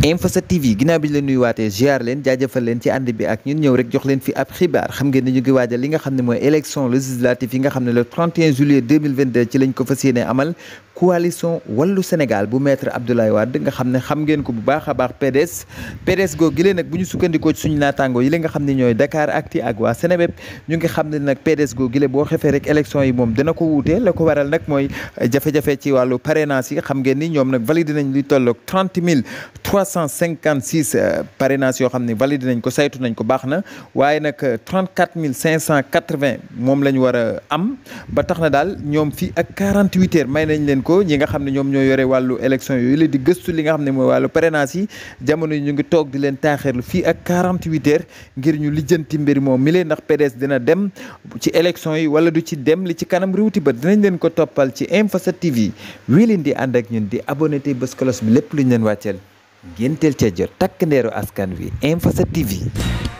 Info 7 TV ginnaaw bi ñu waate nuyuwaatee leen jaajëfal leen ci ànd bi ak ñun ñëw rek jox leen fi ab xibaar xam ngeen ni ñu ngi waajal li nga xam ne mooy élection législative yi nga xam ne le 31 juillet 2022 ci lañ ko fas yéene amal coalition wàllu Sénégal bu maître Abdoulaye Wade nga xam ne xam ngeen ko bu baax a baax PDS PDS goo gi leen nag bu ñu sukkandikoo ci suñu naataangoo yi la xam ne ñooy Dakaractu ak waa Seneweb ñu ngi xam ne nag PDS goo gi boo xefee rek élection yi moom dina ko wuute la ko waral nag mooy jafe-jafe ci wàllu parrainage yi xam ngeen ni ñoom nag validé nañ li tolloog trente mille trois cent cinquante six euh, parrainage yoo xam ne validé nañ ko saytu nañ ko baax na waaye nag euh, trente quatre mille cinq cent quatre vingt moom la ñu war a am ba tax na daal ñoom fii ak ko ñi nga xam ne ñoom ñoo yore wàllu élection yooyu la di gëstu li nga xam ne mooy wàllu parrainage yi jamono yi ñu ngi toog di leen taaxeerlu fii ak 48 heures ngir ñu lijjanti mbir moom mi leen ndax PDS dina dem ci élection yi wala du ci dem li ci kanam réwti ba dinañ leen ko toppal ci Info 7 TV wii leen di ànd ak ñun di abonné tey bés kolos bi lépp lu ñu leen wàcceel ngeen teel ca jël takk ndeeru askan wi Info 7 TV